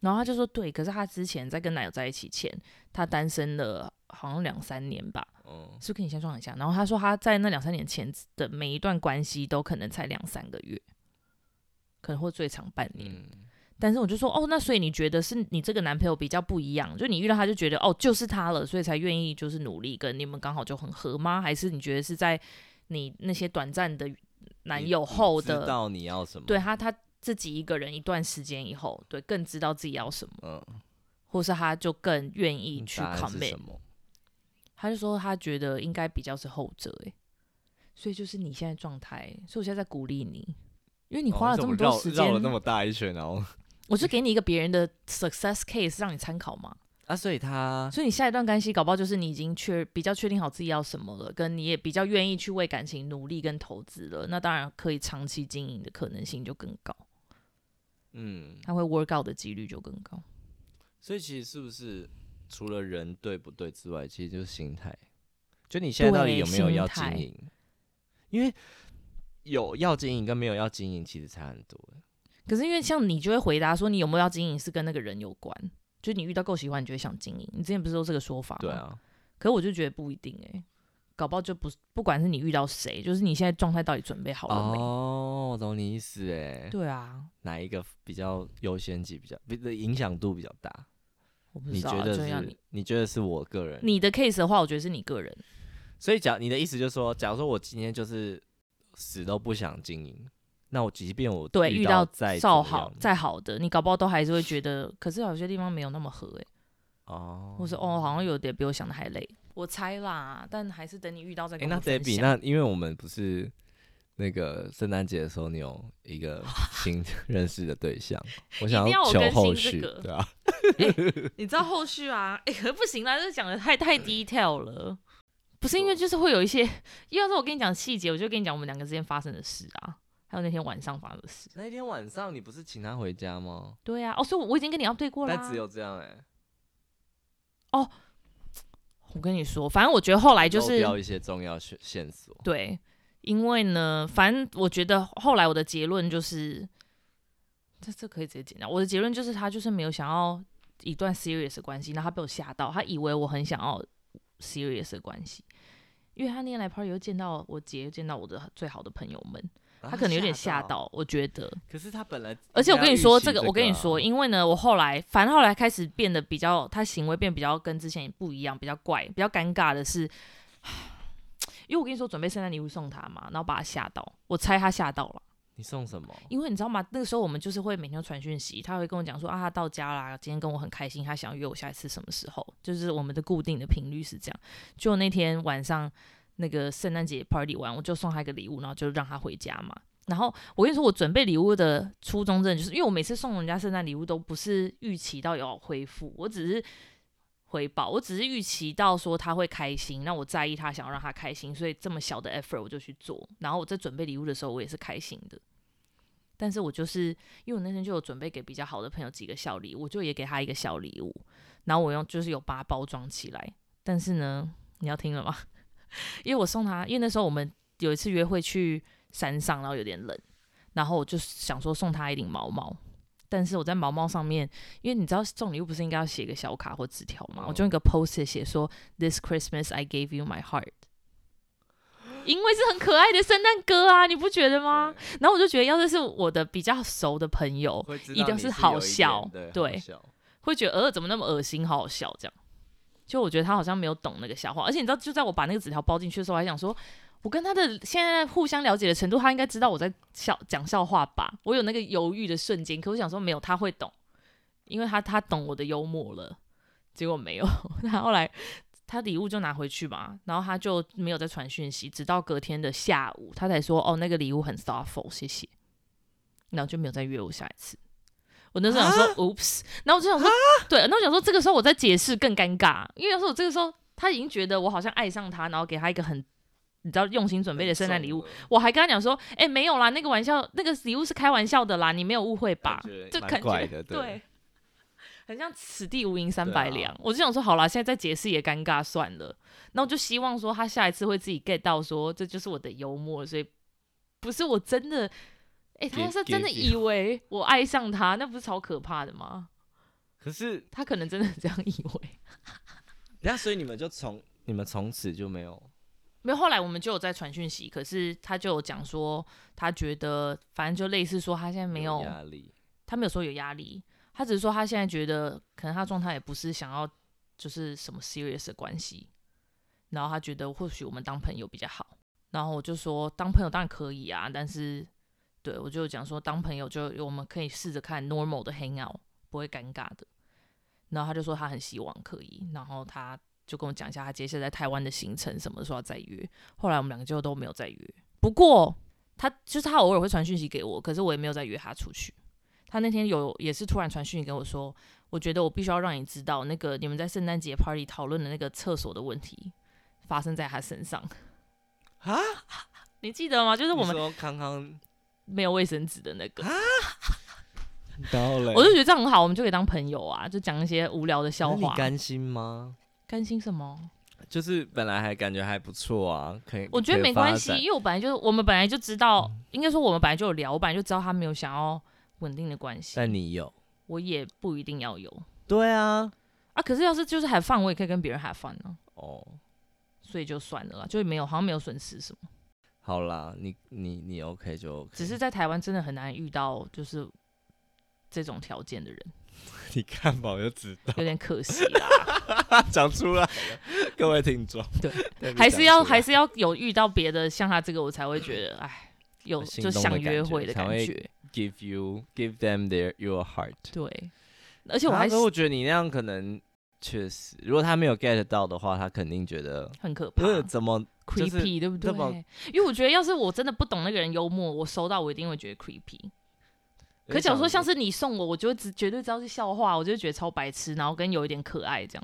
然後他就說對，可是他之前在跟男友在一起前，他單身了好像兩三年吧。嗯， 是不是跟你先說一下。然後他說他在那兩三年前的每一段關係都可能才兩三個月。可能會最長半年，嗯，但是我就說哦，那所以你覺得是你這個男朋友比較不一樣，就你遇到他就覺得哦就是他了，所以才願意就是努力，跟你,你們剛好就很合嗎？還是你覺得是在你那些短暫的男友後的，知道你要什麼？對他他自己一個人一段時間以後，對更知道自己要什麼，嗯，或是他就更願意去 commit 什麼？他就說他覺得應該比較是後者耶，所以就是你現在狀態，所以我現在在鼓勵你。嗯因為你花了這麼多時間，哦、繞了那麼大一圈，然後我就給你一個別人的 success case 讓你參考嘛。啊，所以他，所以你下一段關係搞不好就是你已經確比較確定好自己要什麼了，跟你也比較願意去為感情努力跟投資了，那當然可以長期經營的可能性就更高。嗯，他會 work out 的幾率就更高。所以其實是不是除了人對不對之外，其實就是心態，就你現在到底有沒有要經營？因為。有要經營跟沒有要經營其實差很多，可是因為像你就會回答說，你有沒有要經營是跟那個人有關，嗯、就你遇到夠喜歡，你就會想經營，你之前不是都這個說法嗎？對啊，可是我就覺得不一定哎、欸，搞不好就不不管是你遇到誰，就是你現在狀態到底準備好了沒？哦，我懂你意思哎、欸。對啊，哪一個比較優先級比較影響度比較大？我不知道，你覺得是你，你覺得是我個人？你的 case 的話，我覺得是你個人。所以假你的意思就是說，假如說我今天就是。死都不想經營，那我即便我對遇到再遇到好再好的，你搞不好都還是會覺得。可是有些地方沒有那麼合誒、欸、哦，我說哦，好像有點比我想的還累。我猜啦，但還是等你遇到再跟我。哎、欸，那 Debbie 那，因為我們不是那個聖誕節的時候，你有一個新認識的對象， 我想要求後續，要這個、對啊 、欸，你知道後續啊？哎、欸，不行啦，這講的太太 detail 了。嗯不是因為就是會有一些，要是我跟你講細節，我就跟你講我們兩個之間發生的事啊，還有那天晚上發生的事。那天晚上你不是請他回家嗎？對呀，哦，所以我已經跟你要對過了啊。那只有這樣哎。哦，我跟你說，反正我覺得後來就是不要一些重要線線索。對，因為呢，反正我覺得後來我的結論就是，這這可以直接講。我的結論就是他就是沒有想要一段 serious 關係，然後他被我嚇到，他以為我很想要 serious 的關係。因為他那天來 party 又見到我姐，又見到我的最好的朋友們，他可能有點嚇到,、啊、他嚇到，我覺得。可是他本來、啊，而且我跟你說這個，我跟你說，因為呢，我後來，反正後來開始變得比較，他行為變比較跟之前也不一樣，比較怪，比較尷尬的是，因為我跟你說準備聖誕禮物送他嘛，然後把他嚇到，我猜他嚇到了。你送什麼？因為你知道嗎？那個時候我們就是會每天傳訊息，他會跟我講說啊，他到家啦，今天跟我很開心，他想約我下一次什麼時候？就是我們的固定的頻率是這樣。就那天晚上那個聖誕節 party 完，我就送他一個禮物，然後就讓他回家嘛。然後我跟你說，我準備禮物的初衷真的就是因為我每次送人家聖誕禮物都不是預期到有回覆，我只是。回報，我只是預期到說他會開心，那我在意他，想要讓他開心，所以這麼小的 effort 我就去做。然後我在準備禮物的時候，我也是開心的。但是我就是因為我那天就有準備給比較好的朋友幾個小禮物，我就也給他一個小禮物。然後我用就是有把它包裝起來。但是呢，你要聽了嗎？因為我送他，因為那時候我們有一次約會去山上，然後有點冷，然後我就想說送他一頂毛帽。但是我在毛毛上面，因為你知道送禮物不是應該要寫一個小卡或紙條嗎、嗯？我就用一個 post 寫說：“This Christmas I gave you my heart、嗯。”因為是很可愛的聖誕歌啊，你不覺得嗎？然後我就覺得，要是是我的比較熟的朋友，一定是好笑，對，對會覺得呃怎麼那麼噁心，好好笑這樣。就我覺得他好像沒有懂那個笑話，而且你知道，就在我把那個紙條包進去的時候，我還想說。我跟他的現在互相了解的程度，他應該知道我在笑講笑話吧？我有那個猶豫的瞬間，可我想說沒有，他會懂，因為他他懂我的幽默了。結果沒有，他後來他禮物就拿回去嘛，然後他就沒有再傳訊息，直到隔天的下午，他才說：“哦，那個禮物很 thoughtful，謝謝。”然後就沒有再約我下一次。我那時候想說、啊、：“Oops！” 然後我就想說：“啊、對。”然後我想說：“這個時候我在解釋更尷尬，因為有時候我這個時候他已經覺得我好像愛上他，然後給他一個很……”你知道用心準備的聖誕禮物，我還跟他講說：“哎、欸，沒有啦，那個玩笑，那個禮物是開玩笑的啦，你沒有誤會吧？”這感覺，就感覺怪的對，對，很像此地無銀三百兩，啊。我就想說，好啦，現在再解釋也尷尬，算了。然後就希望說，他下一次會自己 get 到說，說這就是我的幽默，所以不是我真的。哎、欸，他是真的以為我愛，我愛上他，那不是超可怕的嗎？可是他可能真的這樣以為。那所以你們就從你們從此就沒有。因為後來我們就有在傳訊息，可是他就有講說，他覺得反正就類似說，他現在沒有，有他沒有說有壓力，他只是說他現在覺得可能他狀態也不是想要就是什麼 serious 的關係，然後他覺得或許我們當朋友比較好，然後我就說當朋友當然可以啊，但是對我就講說當朋友就我們可以試着看 normal 的 hangout，不會尷尬的，然後他就說他很希望可以，然後他。就跟我講一下他接下來在台灣的行程，什麼時候要再約。後來我們兩個就都沒有再約。不過他就是他偶爾會傳訊息給我，可是我也沒有再約他出去。他那天有也是突然傳訊息給我說，我覺得我必須要讓你知道那個你們在聖誕節 party 討論的那個廁所的問題發生在他身上。啊？你記得嗎？就是我們剛剛沒有衛生紙的那個啊？ 到了，我就覺得這樣很好，我們就可以當朋友啊，就講一些無聊的笑話。你甘心嗎？甘心什麼？就是本來還感覺還不錯啊，可以。我覺得沒關係，因為我本來就是我們本來就知道，嗯、應該說我們本來就有聊，我本來就知道他沒有想要穩定的關係。但你有，我也不一定要有。對啊，啊，可是要是就是 have fun，我也可以跟別人 have fun 呢。哦、oh，所以就算了啦，就沒有，好像沒有損失什麼。好啦，你你你 OK 就 OK。只是在台灣真的很難遇到就是這種條件的人。 你看吧，我就知道有點可惜啊。講 出來了， 各位聽眾，對， 還是要 還是要有遇到別的像他這個，我才會覺得哎，有心動就想約會的感覺。Give you, give them their your heart。對，而且我還是、啊、我覺得你那樣可能確實，如果他沒有 get 到的話，他肯定覺得很可怕，這是怎麼 creepy，、就是、對不對？因為我覺得要是我真的不懂那個人幽默，我收到我一定會覺得 creepy。可，假如說像是你送我，我就只絕對知道是笑話，我就覺得超白痴，然後跟你有一點可愛這樣。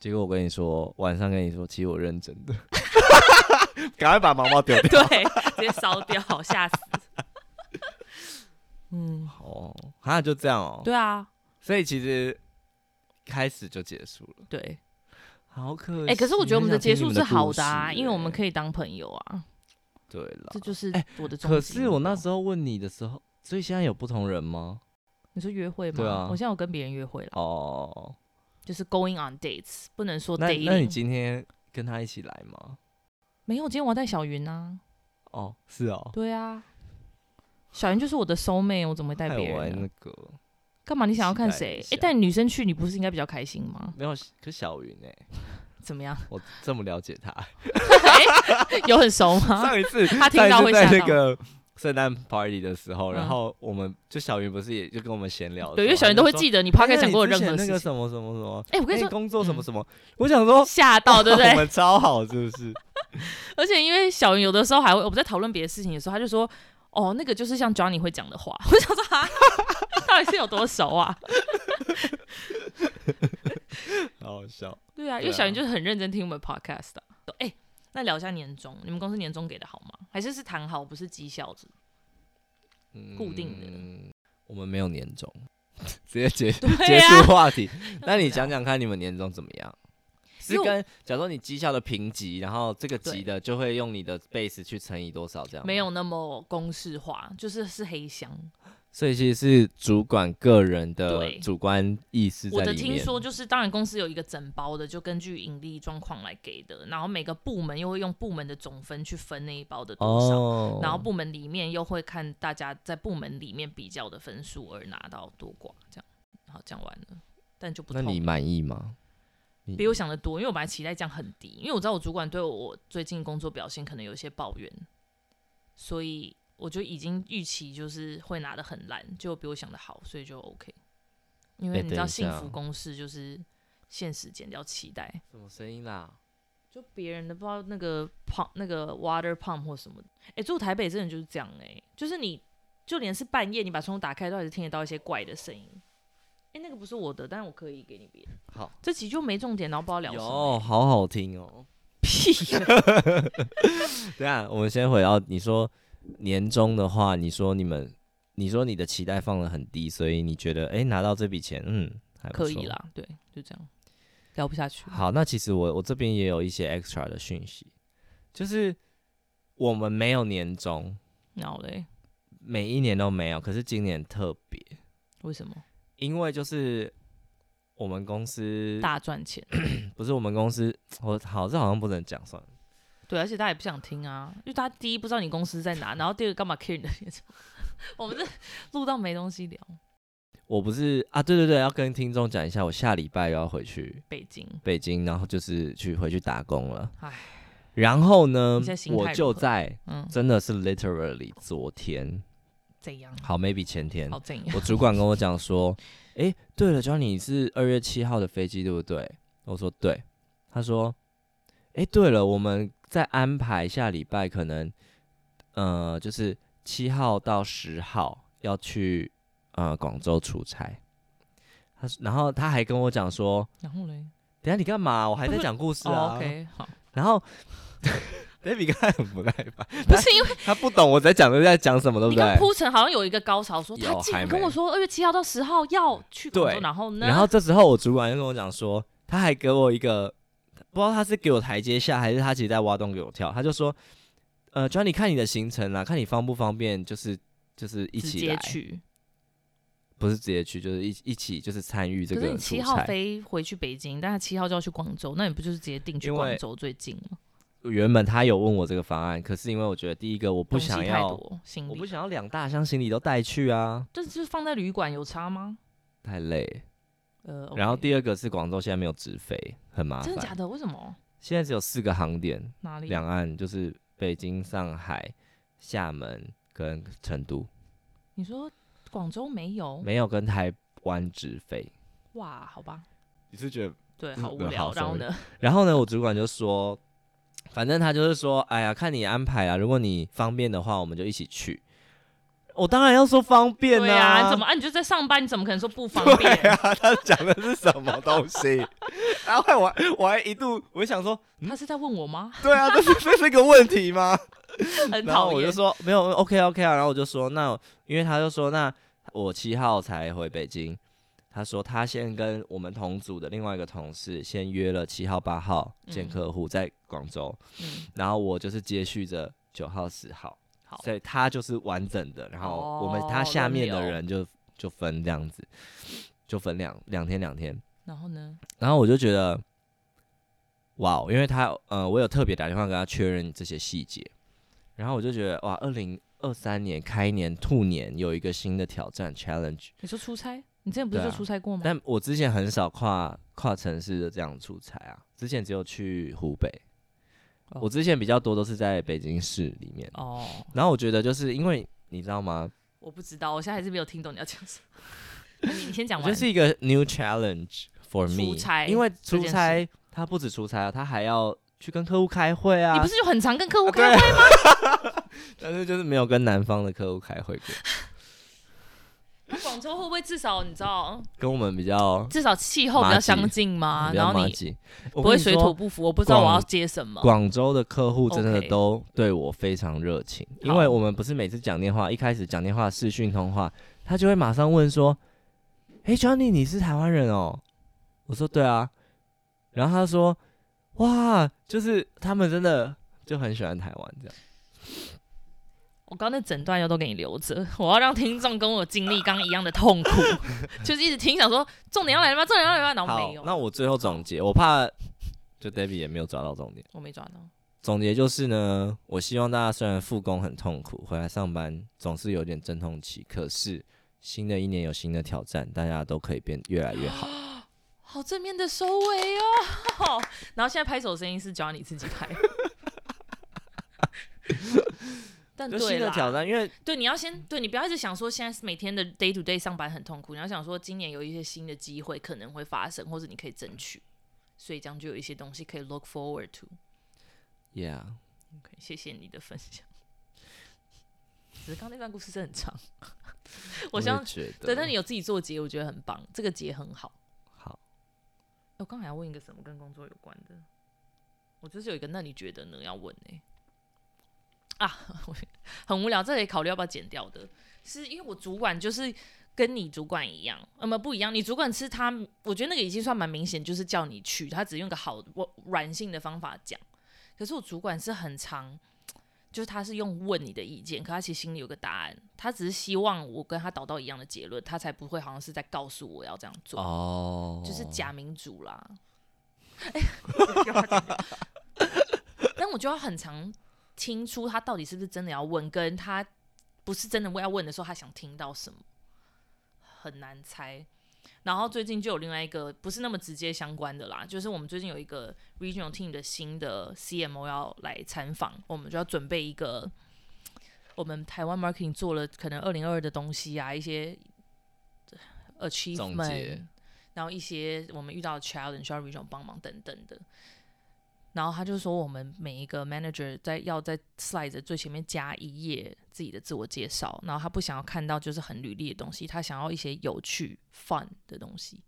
結果我跟你說，晚上跟你說，其實我認真的，趕 快把毛毛丟掉，對，直接燒 掉好下次 、嗯，好嚇死。嗯，哦，好、啊、像就這樣哦。對啊，所以其實開始就結束了。對，好可惜、欸，可是我覺得我們的結束是好的啊，的因為我們可以當朋友啊。對啦、欸，這就是我的重點好不好。可是我那時候問你的時候。所以現在有不同人嗎？你說約會嗎？對啊，我現在有跟別人約會了。哦、oh,，就是 going on dates，不能說 dating。那那你今天跟他一起來嗎？沒有，今天我要帶小雲呢、啊。哦、oh,，是哦、喔。對啊，小雲就是我的 soulmate，我怎麼會帶別人？那個幹嘛？你想要看誰？哎，帶、欸、女生去，你不是應該比較開心嗎？沒有，可小雲呢、欸？ 怎麼樣？我這麼了解他 欸，有很熟嗎？上一次， 他聽到會想那個。 聖誕 party 的時候，然後我們、嗯、就小雲不是也就跟我們閒聊的，對，因為小雲都會記得、欸、你 podcast 講過任何那個什麼什麼什麼，哎、欸，我跟你說、欸，工作什麼什麼，嗯、我想說嚇到對不對？我們超好是不是？ 而且因為小雲有的時候還會，我們在討論別的事情的時候，他就說，哦，那個就是像 Johnny 會講的話，我想說哈 到底是有多熟啊？ 好好笑。對啊，因為小雲就是很認真聽我們的 podcast 的、啊，哎、啊。欸那聊一下年終，你們公司年終給的好嗎？還是是談好，不是績效制？嗯，固定的。我們沒有年終，直接結、啊、結束話題。那你講講看，你們年終怎麼樣？是跟，假如說你績效的評級，然後這個級的就會用你的 base 去乘以多少這樣？沒有那麼公式化，就是是黑箱。所以其實是主管個人的主觀意思。我的聽說就是，當然公司有一個整包的，就根據盈利狀況來給的。然後每個部門又會用部門的總分去分那一包的多少，oh. 然後部門裡面又會看大家在部門裡面比較的分數而拿到多寡。這樣，好講完了，但就不通。那你滿意嗎？比我想的多，因為我本來期待降很低，因為我知道我主管對我最近工作表現可能有一些抱怨，所以。我就已經預期就是會拿得很爛，就比我想的好，所以就 OK。因為你知道幸福公式就是現實減掉期待。什麼聲音啦？就別人的不知道那個 pump，那個 water pump 或什麼？哎、欸，住台北真的就是這樣哎、欸，就是你就連是半夜你把窗戶打開，都還是聽得到一些怪的聲音。哎、欸，那個不是我的，但是我可以給你別。好，這期就沒重點，然後不知道聊什麼、欸。哦，好好聽哦。屁。等 下、 啊、我們先回到你說。年終的話，你說你們，你說你的期待放得很低，所以你覺得哎、欸，拿到這筆錢，嗯，還不錯，可以啦，對，就這樣，聊不下去。好，那其實我我這邊也有一些 extra 的訊息，就是我們沒有年終，好嘞，每一年都沒有，可是今年特別，為什麼？因為就是我們公司大賺錢， 不是我們公司，我好這好像不能講算了。而且他也不想聽啊，因為他第一不知道你公司在哪，然後第二幹嘛 care 你那 我們是錄到沒東西聊。我不是啊，對對對，要跟聽眾講一下，我下禮拜要回去北京，北京，然後就是去回去打工了。然後呢，我就在，真的是 literally、嗯、昨天，怎樣？好，maybe 前天。我主管跟我講說，哎、 欸，對了，Johnny，你，是二月七號的飛機，對不對？我說對。他說，哎、欸，對了，嗯、我們。再安排下禮拜，可能呃，就是七號到十號要去呃廣州出差。他然後他還跟我講說，然後嘞，等下你幹嘛？我還在講故事啊。哦、OK，好。然後，Debbie，剛才很 不耐煩， 不是因為他不懂我在講在講什麼，對不對？鋪陳好像有一個高潮說，說他竟然跟我說二月七號到十號要去廣州，然後呢？然後這時候我主管又跟我講說，他還給我一個。不知道他是給我台階下，還是他其實在挖洞給我跳。他就說：“呃，主要你看你的行程啊，看你方不方便，就是就是一起來接去，不是直接去，就是一一起就是參與這個。七號飛回去北京，但他七號就要去廣州，那你不就是直接訂去廣州最近嗎？原本他有問我這個方案，可是因為我覺得第一個我不想要行李，我不想要兩大箱行李都帶去啊，就是就是放在旅館有差嗎？太累。呃，okay，然後第二個是廣州現在沒有直飛。”很麻煩，真的假的？為什麼現在只有四個航點？哪裡？兩岸就是北京、上海、廈門跟成都。你說廣州沒有？沒有跟台灣直飛？哇，好吧。你是覺得對，好無聊。然、嗯、後、呃、呢？ 然後呢？我主管就說，反正他就是說，哎呀，看你安排啊。如果你方便的話，我們就一起去。我、哦、當然要說方便呀，啊，啊、怎麼啊？你就在上班，你怎麼可能說不方便啊？他講的是什麼東西？ 然後我還我還一度我想說、嗯，他是在問我嗎？對啊，這是這是個問題嗎？ 很討厭。然後我就說沒有，OK OK 啊。然後我就說那，因為他就說那我七號才回北京，他說他先跟我們同組的另外一個同事先約了七號八號見客戶在廣州，嗯，然後我就是接續着九號十號。所以他就是完整的，然後我們他下面的人就就分這樣子，就分兩兩天兩天。然後呢，然後我就覺得，哇！因為他呃，我有特別打電話給他確認這些細節，然後我就覺得哇，2023年開年兔年有一個新的挑戰 challenge。你說出差？你之前不是說出差過嗎、啊？但我之前很少跨跨城市的這樣的出差啊，之前只有去湖北。Oh. 我之前比較多都是在北京市裡面哦，oh. 然後我覺得就是因為你知道嗎？我不知道，我現在還是沒有聽懂你要講什麼。 你先講完，這是一個 new challenge for me。出差，因為出差他不止出差啊，他還要去跟客戶開會啊。你不是就很常跟客戶開會嗎？啊啊 但是就是沒有跟南方的客戶開會過。廣州會不會至少你知道？跟我們比較，至少氣候比較相近嘛。然後你不會水土不服我，我不知道我要接什麼。廣州的客戶真的都對我非常熱情，Okay. 因為我們不是每次講電話，Okay. 一開始講電話視訊通話，他就會馬上問說：“哎、欸，Johnny，你是台灣人哦、喔？”我說：“對啊。”然後他說：“哇，就是他們真的就很喜歡台灣這樣。”我剛，剛那整段又都給你留着，我要讓聽眾跟我經歷剛剛一樣的痛苦， 就是一直聽想說，重點要來了嗎？重點要來了嗎？然後沒有。那我最後總結，我怕就 Debbie 也沒有抓到重點，我沒抓到。總結就是呢，我希望大家雖然復工很痛苦，回來上班總是有點陣痛期，可是新的一年有新的挑戰，大家都可以變越來越好。好正面的收尾哦， 然後現在拍手的聲音是只要你自己拍。 但對啦，新對，挑對，你要先對，你不要一直想說現在是每天的 day to day 上班很痛苦，你要想說今年有一些新的機會可能會發生，或者你可以爭取，所以這樣就有一些東西可以 look forward to。Yeah。OK，謝謝你的分享。只是剛那段故事是很長， 我，想我覺得。對，但你有自己做結，我覺得很棒，這個結很好。好。我、哦、剛還要問一個什麼跟工作有關的，我就是有一個，那你覺得呢？要問呢？欸？啊，很無聊，這得考慮要不要剪掉的。是因為我主管就是跟你主管一樣，那、嗯、麼不一樣。你主管是他，我覺得那個已經算蠻明顯，就是叫你去，他只用個好我軟性的方法講。可是我主管是很常，就是他是用問你的意見，可是他其實心裡有個答案，他只是希望我跟他導到一樣的結論，他才不會好像是在告訴我要這樣做哦，就是假民主啦。 但我覺得很常。聽出他到底是不是真的要問，跟他不是真的要問的時候，他想聽到什麼很難猜。然後最近就有另外一個不是那麼直接相關的啦，就是我們最近有一個 regional team 的新的 CMO 要來參訪，我們就要準備一個我們台灣 marketing 做了可能二零二二的東西啊，一些 achievement，然後一些我們遇到的 challenge 需要 regional 幫忙等等的。然後他就說，我們每一個 manager 在要在 slide 的最前面加一頁自己的自我介紹。然後他不想要看到就是很履歷的東西，他想要一些有趣 fun 的東西。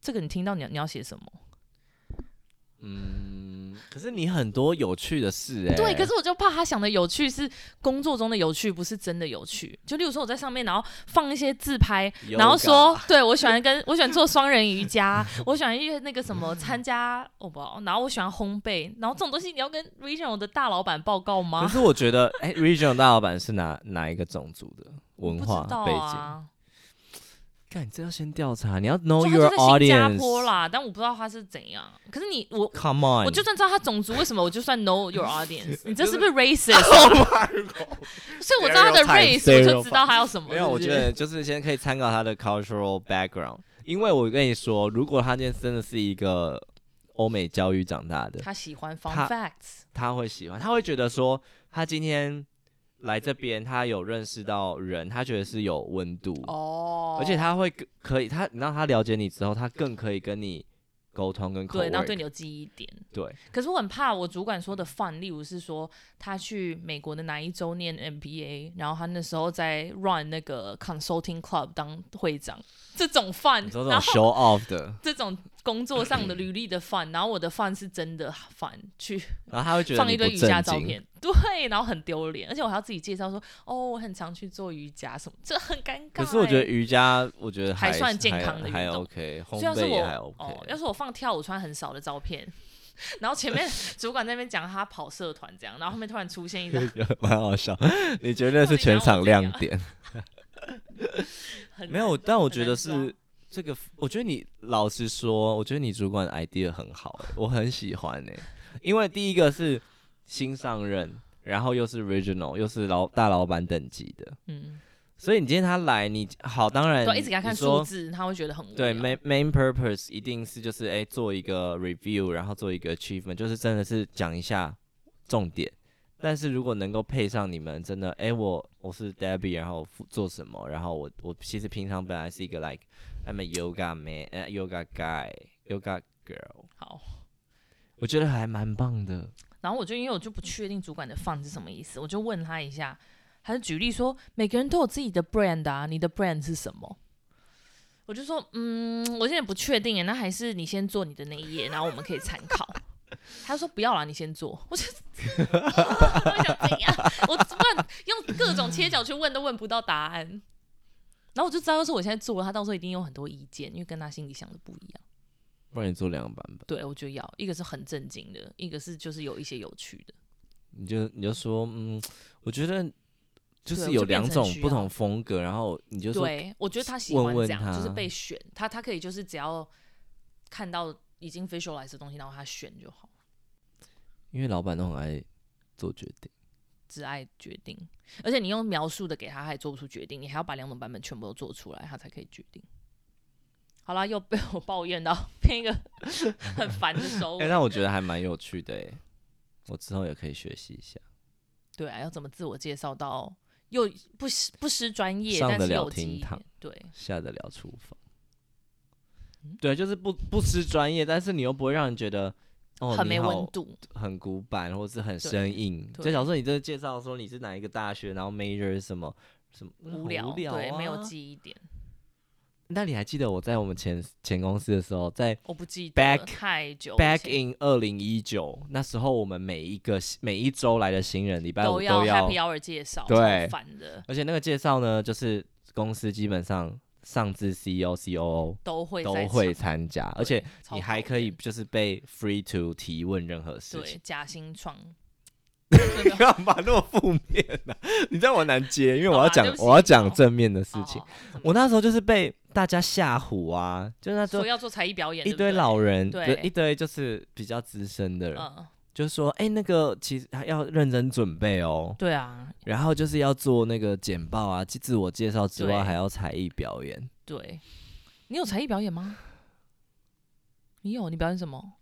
這個你聽到你，你要你要寫什麼？嗯。可是你很多有趣的事。哎、欸，對，可是我就怕他想的有趣是工作中的有趣，不是真的有趣。就例如說我在上面，然後放一些自拍，然後說，對我喜歡跟 我喜歡做雙人瑜伽， 我喜歡那個什麼參加 哦不，然後我喜歡烘焙，然後這種東西你要跟 regional 的大老闆報告嗎？可是我覺得、欸、，regional 大老闆是哪 哪一個種族的文化、啊、背景？你這要先調查，你要 know your audience。他就新加坡啦，但我不知道他是怎樣。可是你我 come on，我就算知道他種族，為什麼我就算 know your audience？ 你這是不是 racist？ 就是 oh、my God, 所以我知道他的 race，、There、我就知道他要什麼是不是？沒有，我覺得就是先可以參考他的 cultural background。 因為我跟你說，如果他今天真的是一個歐美教育長大的，他喜歡 fun facts，他會喜歡，他會覺得說他今天。來這邊，他有認識到人，他覺得是有溫度哦，oh. 而且他會可以，他你讓他了解你之後，他更可以跟你溝通跟 cowork, 對，然後對你有記憶點。對，可是我很怕我主管說的 fun 例如是說他去美國的哪一周念 MBA，然後他那時候在 run 那個 consulting club 當會長，這種 fun 這種 show off 的這種。 工作上的履歷的飯，然後我的飯是真的飯，去，然後他會覺得放一堆瑜伽的照片，對，然後很丟臉，而且我還要自己介紹說，哦，我很常去做瑜伽什麼，這很尷尬、欸。可是我覺得瑜伽，我覺得還，還算健康的運動還還，OK。要是我還、OK，哦，要是我放跳舞穿很少的照片，然後前面主管在那邊講他跑社團這樣，然後後面突然出現一個蠻 好笑，你覺得是全場亮點？沒 有，但我覺得是。這個我覺得你老實說，我覺得你主管的 idea 很好、欸，我很喜歡呢、欸。因為第一個是新上任，然後又是 Regional，又是老大老闆等級的，嗯。所以你今天他來，你好，當然一直給他看數字，他會覺得很對。Main main purpose 一定是就是哎、欸、做一個 review，然後做一個 achievement，就是真的是講一下重點。但是如果能夠配上你們真的哎、欸、我我是 Debbie，然後做什麼，然後我我其實平常本來是一個 like。I'm a yoga man,、uh, yoga guy, yoga girl。好，我覺得還蠻棒的。然後我就因為我就不確定主管的放是什麼意思，我就問他一下。他就舉例說，每個人都有自己的 brand 啊，你的 brand 是什麼？我就說，嗯，我現在不確定那還是你先做你的那一頁，然後我們可以參考。 他就說不要了，你先做。我就 我想怎樣？ 我問，用各種切角去問，都問不到答案。然後我就知道，就是我現在做了，他到時候一定有很多意見，因為跟他心裡想的不一樣。不然你做兩個版本？對，我就要一個是很正經的，一個是就是有一些有趣的。你就你就說，嗯，我覺得就是有兩種不同風格，然後你就說對，我覺得他喜歡這樣，問問就是被選，他他可以就是只要看到已經 facialized 的東西，然後他選就好。因為老闆都很愛做決定。摯愛決定，而且你用描述的給他，他也做不出決定。你還要把兩種版本全部都做出來，他才可以決定。好啦，又被我抱怨到，變一個很煩的收尾。哎、 欸，但我覺得還蠻有趣的耶，我之後也可以學習一下。對啊，要怎麼自我介紹到又不失不失專業？上得了廳堂，對，下得了廚房。對，嗯、對就是不不失專業，但是你又不會讓人覺得。哦、很沒溫度，很古板，或是很生硬。就想說你這介紹說你是哪一個大學，然後 major 是什麼什麼，無聊，無聊、啊，對，沒有記憶點。那你還記得我在我們前前公司的時候，在我不記得 Back,，Back in 二零一九，那時候我們每一個每一周來的新人，禮拜五都要，都要，介紹，對，而且那個介紹呢，就是公司基本上。上至 CEO、COO 都會都會參加，而且你還可以就是被 free to 提問任何事情。對，假心創，幹 嘛對吧 那麼負面呢、啊？你知道我難接，因為我要講、 啊、我要講正面的事情好好。我那時候就是被大家嚇唬啊，就那時候要做才藝表演，一堆老人，對，一堆就是比較資深的人。嗯就說哎、欸，那個其實還要認真準備哦、喔。對啊，然後就是要做那個簡報啊，自我介紹之外，還要才藝表演對。對，你有才藝表演嗎？你有，你表演什麼？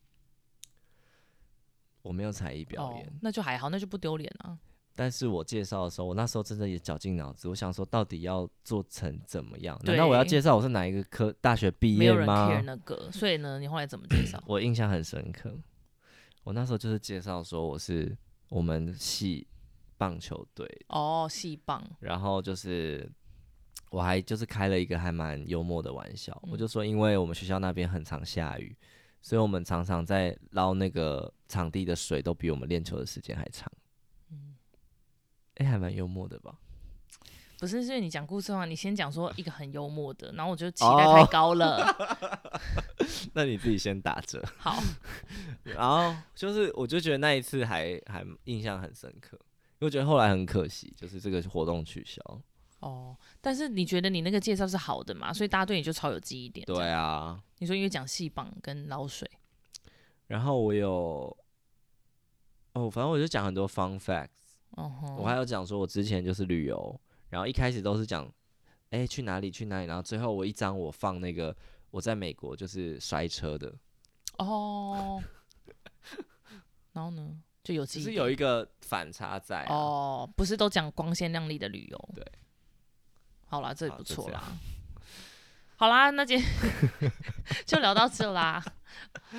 我沒有才藝表演、哦，那就還好，那就不丟臉啊。但是我介紹的時候，我那時候真的也絞盡腦汁，我想說到底要做成怎麼樣？對，難道我要介紹我是哪一個科大學畢業嗎？沒有人 care 那個，所以呢，你後來怎麼介紹 ？我印象很深刻。我那時候就是介紹說，我是我們系棒球隊哦，oh, 系棒，然後就是我還就是開了一個還蠻幽默的玩笑，嗯，我就說因為我們學校那邊很常下雨，所以我們常常在撈那個場地的水都比我們練球的時間還長，嗯，哎，還蠻幽默的吧。不是，是因為你講故事的話，你先講說一個很幽默的，然後我就期待太高了。哦、 那你自己先打折。好。然後就是，我就覺得那一次還還印象很深刻，因為我覺得後來很可惜，就是這個活動取消。哦。但是你覺得你那個介紹是好的嘛？所以大家對你就超有記憶點。對啊。你說因為講戲棒跟撈水。然後我有，哦，反正我就講很多 fun facts。嗯、哦、我還有講說我之前就是旅遊。然後一開始都是講，哎、欸、去哪裡去哪裡？然後最後我一張我放那個我在美國就是摔車的哦，然、oh, 後、 no、呢就有其實有一個反差在哦、啊，oh, 不是都講光鮮亮麗的旅遊對，好啦這也不錯啦，好，好啦那今 就聊到這啦，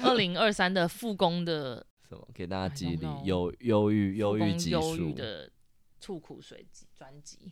二零二三的復工的什麼給大家激勵憂憂鬱憂鬱憂鬱的吐苦水專輯。